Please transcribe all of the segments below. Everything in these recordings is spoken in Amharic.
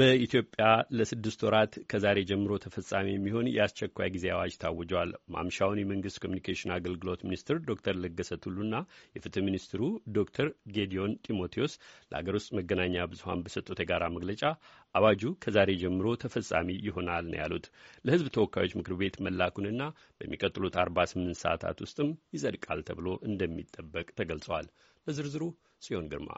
በኢትዮጵያ ለስድስት ወራት ከዛሬ ጀምሮ ተፈጻሚ የሚሆን የአስቸኳይ ጊዜ አዋጅ ታውጇል። ማምሻውን የመንግስት ኮሚኒኬሽን አገልግሎት ሚኒስትር ዶክተር ለገሰ ቱሉና የፍትህ ሚኒስትሩ ዶክተር ጌዲዮን ጢሞቴዎስ ለሀገር ውስጥ መገናኛ ብዙሀን በሰጡት የጋራ መግለጫ አዋጁ ከዛሬ ጀምሮ ተፈጻሚ ይሆናል ነው ያሉት። ለህዝብ ተወካዮች ምክር ቤት መላኩንና በሚቀጥሉት ስምንት ሰዓታት ውስጥም ይጸድቃል ተብሎ እንደሚጠበቅ ተገልጸዋል። ለዝርዝሩ ጽዮን ግርማ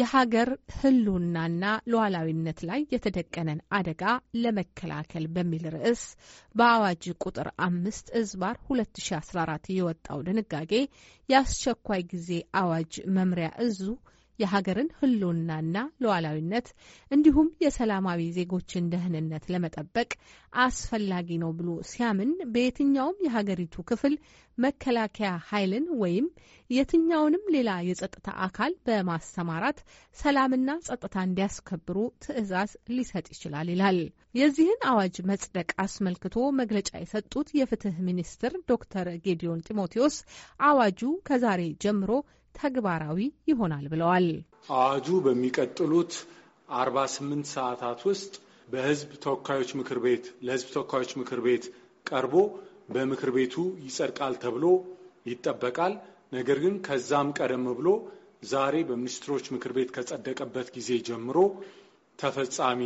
የሀገር ህልውናና ሉዓላዊነት ላይ የተደቀነን አደጋ ለመከላከል በሚል ርዕስ በአዋጅ ቁጥር አምስት እዝባር 2014 የወጣው ድንጋጌ የአስቸኳይ ጊዜ አዋጅ መምሪያ እዙ የሀገርን ህልውናና ሉዓላዊነት እንዲሁም የሰላማዊ ዜጎችን ደህንነት ለመጠበቅ አስፈላጊ ነው ብሎ ሲያምን በየትኛውም የሀገሪቱ ክፍል መከላከያ ኃይልን ወይም የትኛውንም ሌላ የጸጥታ አካል በማሰማራት ሰላምና ጸጥታ እንዲያስከብሩ ትዕዛዝ ሊሰጥ ይችላል ይላል። የዚህን አዋጅ መጽደቅ አስመልክቶ መግለጫ የሰጡት የፍትህ ሚኒስትር ዶክተር ጌዲዮን ጢሞቴዎስ አዋጁ ከዛሬ ጀምሮ ተግባራዊ ይሆናል ብለዋል። አዋጁ በሚቀጥሉት 48 ሰዓታት ውስጥ በህዝብ ተወካዮች ምክር ቤት ለህዝብ ተወካዮች ምክር ቤት ቀርቦ በምክር ቤቱ ይጸድቃል ተብሎ ይጠበቃል። ነገር ግን ከዛም ቀደም ብሎ ዛሬ በሚኒስትሮች ምክር ቤት ከጸደቀበት ጊዜ ጀምሮ ተፈጻሚ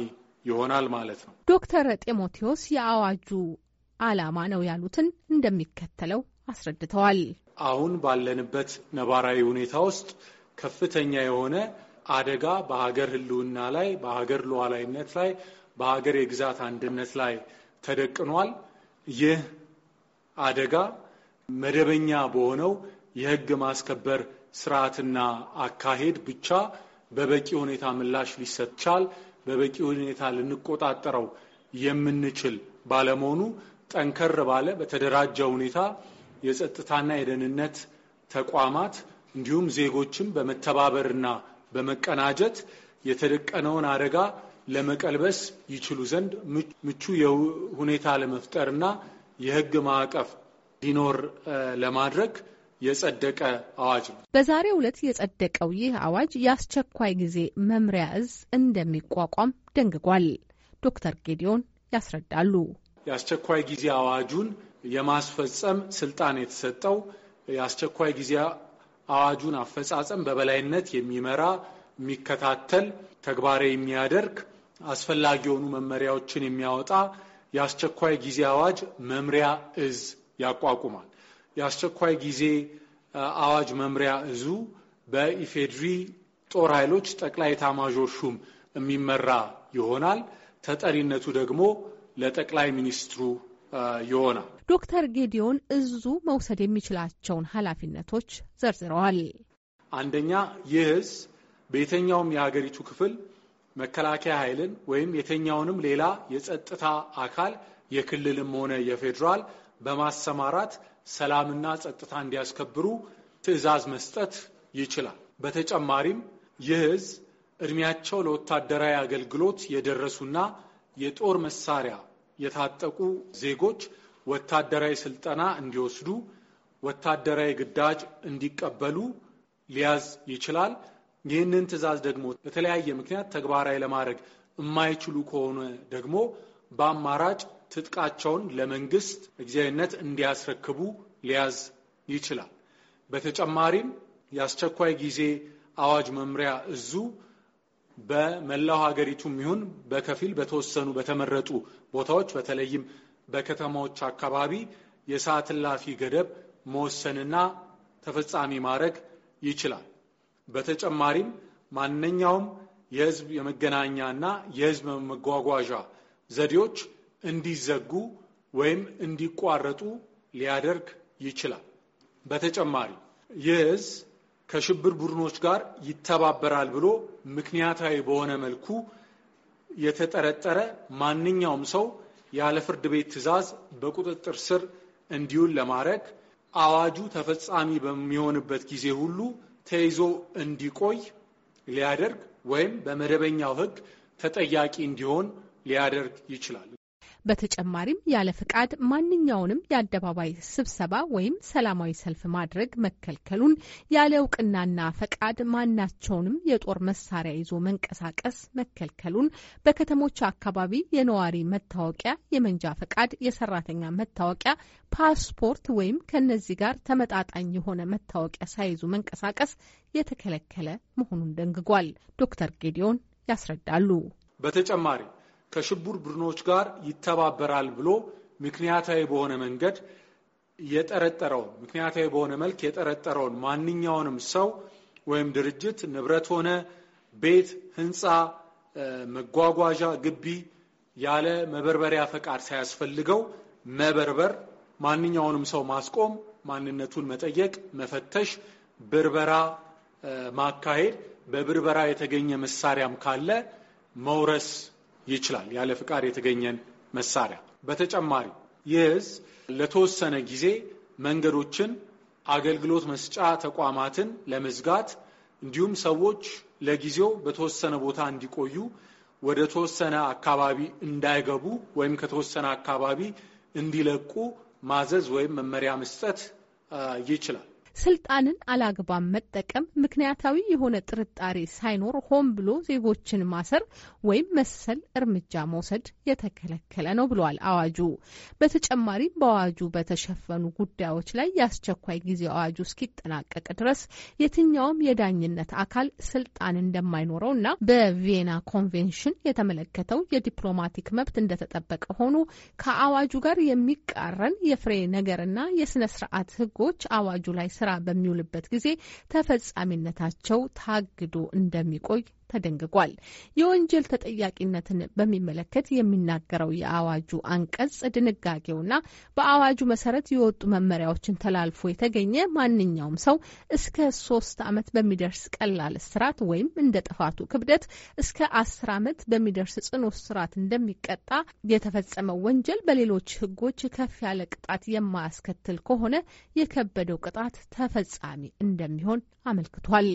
ይሆናል ማለት ነው። ዶክተር ጢሞቴዎስ የአዋጁ ዓላማ ነው ያሉትን እንደሚከተለው አስረድተዋል። አሁን ባለንበት ነባራዊ ሁኔታ ውስጥ ከፍተኛ የሆነ አደጋ በሀገር ህልውና ላይ በሀገር ሉዓላዊነት ላይ በሀገር የግዛት አንድነት ላይ ተደቅኗል። ይህ አደጋ መደበኛ በሆነው የህግ ማስከበር ስርዓትና አካሄድ ብቻ በበቂ ሁኔታ ምላሽ ሊሰጥ ቻል በበቂ ሁኔታ ልንቆጣጠረው የምንችል ባለመሆኑ ጠንከር ባለ በተደራጀ ሁኔታ የጸጥታና የደህንነት ተቋማት እንዲሁም ዜጎችም በመተባበርና በመቀናጀት የተደቀነውን አደጋ ለመቀልበስ ይችሉ ዘንድ ምቹ ሁኔታ ለመፍጠርና የሕግ ማዕቀፍ እንዲኖር ለማድረግ የጸደቀ አዋጅ ነው። በዛሬው ዕለት የጸደቀው ይህ አዋጅ የአስቸኳይ ጊዜ መምሪያ እዝ እንደሚቋቋም ደንግጓል። ዶክተር ጌዲዮን ያስረዳሉ። የአስቸኳይ ጊዜ አዋጁን የማስፈጸም ስልጣን የተሰጠው የአስቸኳይ ጊዜ አዋጁን አፈጻጸም በበላይነት የሚመራ የሚከታተል ተግባራዊ የሚያደርግ አስፈላጊ የሆኑ መመሪያዎችን የሚያወጣ የአስቸኳይ ጊዜ አዋጅ መምሪያ እዝ ያቋቁማል። የአስቸኳይ ጊዜ አዋጅ መምሪያ እዙ በኢፌድሪ ጦር ኃይሎች ጠቅላይ ኤታማዦር ሹም የሚመራ ይሆናል። ተጠሪነቱ ደግሞ ለጠቅላይ ሚኒስትሩ ይሆናል። ዶክተር ጌዲዮን እዙ መውሰድ የሚችላቸውን ኃላፊነቶች ዘርዝረዋል። አንደኛ ይህ እዝ የሀገሪቱ ክፍል መከላከያ ኃይልን ወይም የተኛውንም ሌላ የጸጥታ አካል የክልልም ሆነ የፌዴራል በማሰማራት ሰላምና ጸጥታ እንዲያስከብሩ ትዕዛዝ መስጠት ይችላል። በተጨማሪም ይህ እዝ ለወታደራዊ አገልግሎት የደረሱና የጦር መሳሪያ የታጠቁ ዜጎች ወታደራዊ ስልጠና እንዲወስዱ፣ ወታደራዊ ግዳጅ እንዲቀበሉ ሊያዝ ይችላል። ይህንን ትዕዛዝ ደግሞ በተለያየ ምክንያት ተግባራዊ ለማድረግ የማይችሉ ከሆነ ደግሞ በአማራጭ ትጥቃቸውን ለመንግስት ጊዜያዊነት እንዲያስረክቡ ሊያዝ ይችላል። በተጨማሪም የአስቸኳይ ጊዜ አዋጅ መምሪያ እዙ በመላው ሀገሪቱም ይሁን በከፊል በተወሰኑ በተመረጡ ቦታዎች በተለይም በከተማዎች አካባቢ የሰዓት እላፊ ገደብ መወሰንና ተፈጻሚ ማድረግ ይችላል። በተጨማሪም ማንኛውም የህዝብ የመገናኛና የህዝብ መጓጓዣ ዘዴዎች እንዲዘጉ ወይም እንዲቋረጡ ሊያደርግ ይችላል። በተጨማሪ ይህ ከሽብር ቡድኖች ጋር ይተባበራል ብሎ ምክንያታዊ በሆነ መልኩ የተጠረጠረ ማንኛውም ሰው ያለ ፍርድ ቤት ትዕዛዝ በቁጥጥር ስር እንዲውል ለማድረግ አዋጁ ተፈጻሚ በሚሆንበት ጊዜ ሁሉ ተይዞ እንዲቆይ ሊያደርግ ወይም በመደበኛው ሕግ ተጠያቂ እንዲሆን ሊያደርግ ይችላል። በተጨማሪም ያለ ፍቃድ ማንኛውንም የአደባባይ ስብሰባ ወይም ሰላማዊ ሰልፍ ማድረግ መከልከሉን፣ ያለ እውቅናና ፈቃድ ማናቸውንም የጦር መሳሪያ ይዞ መንቀሳቀስ መከልከሉን፣ በከተሞች አካባቢ የነዋሪ መታወቂያ፣ የመንጃ ፈቃድ፣ የሰራተኛ መታወቂያ፣ ፓስፖርት ወይም ከነዚህ ጋር ተመጣጣኝ የሆነ መታወቂያ ሳይዙ መንቀሳቀስ የተከለከለ መሆኑን ደንግጓል። ዶክተር ጌዲዮን ያስረዳሉ። በተጨማሪ ከሽቡር ቡድኖች ጋር ይተባበራል ብሎ ምክንያታዊ በሆነ መንገድ የጠረጠረው ምክንያታዊ በሆነ መልክ የጠረጠረውን ማንኛውንም ሰው ወይም ድርጅት ንብረት ሆነ ቤት፣ ህንፃ፣ መጓጓዣ፣ ግቢ ያለ መበርበሪያ ፈቃድ ሳያስፈልገው መበርበር፣ ማንኛውንም ሰው ማስቆም፣ ማንነቱን መጠየቅ፣ መፈተሽ፣ ብርበራ ማካሄድ፣ በብርበራ የተገኘ መሳሪያም ካለ መውረስ ይችላል፣ ያለ ፍቃድ የተገኘን መሳሪያ። በተጨማሪ ይህ ለተወሰነ ጊዜ መንገዶችን፣ አገልግሎት መስጫ ተቋማትን ለመዝጋት እንዲሁም ሰዎች ለጊዜው በተወሰነ ቦታ እንዲቆዩ ወደ ተወሰነ አካባቢ እንዳይገቡ ወይም ከተወሰነ አካባቢ እንዲለቁ ማዘዝ ወይም መመሪያ መስጠት ይችላል። ስልጣንን አላግባብ መጠቀም፣ ምክንያታዊ የሆነ ጥርጣሬ ሳይኖር ሆን ብሎ ዜጎችን ማሰር ወይም መሰል እርምጃ መውሰድ የተከለከለ ነው ብሏል አዋጁ። በተጨማሪም በአዋጁ በተሸፈኑ ጉዳዮች ላይ የአስቸኳይ ጊዜ አዋጁ እስኪጠናቀቅ ድረስ የትኛውም የዳኝነት አካል ስልጣን እንደማይኖረው እና በቪየና ኮንቬንሽን የተመለከተው የዲፕሎማቲክ መብት እንደተጠበቀ ሆኖ ከአዋጁ ጋር የሚቃረን የፍሬ ነገርና የስነ ስርዓት ህጎች አዋጁ ላይ ስራ ስራ በሚውልበት ጊዜ ተፈጻሚነታቸው ታግዶ እንደሚቆይ ተደንግጓል። የወንጀል ተጠያቂነትን በሚመለከት የሚናገረው የአዋጁ አንቀጽ ድንጋጌውና በአዋጁ መሰረት የወጡ መመሪያዎችን ተላልፎ የተገኘ ማንኛውም ሰው እስከ ሶስት ዓመት በሚደርስ ቀላል እስራት ወይም እንደ ጥፋቱ ክብደት እስከ አስር ዓመት በሚደርስ ጽኑ እስራት እንደሚቀጣ የተፈጸመው ወንጀል በሌሎች ሕጎች ከፍ ያለ ቅጣት የማያስከትል ከሆነ የከበደው ቅጣት ተፈጻሚ እንደሚሆን አመልክቷል።